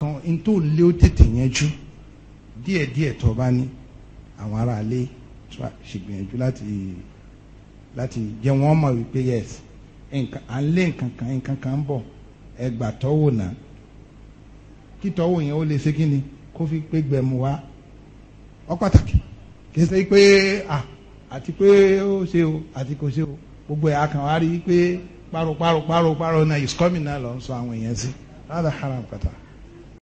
kan n tó lé ó tètè yanjú díẹ̀díẹ̀ tó bá ní àwọn aráalé ṣègbìyànjú láti láti jẹ́ wọ́n mọ̀ wípé yes nǹkan à ń lé nǹkan kan nǹkan kan ń bọ̀ ẹgbà tọ́wò náà kí tọ́wò yẹn ó lè ṣe kí ni kó fi pé gbẹ̀mú wá ọ pàtàkì kì í ṣe pé ah àti pé ó ṣe o àti kò ṣe o gbogbo ẹ̀ akàn wá rí i pé paro paro paro paro náà is coming náà lọ sọ àwọn èèyàn sí rárá haram kàtà.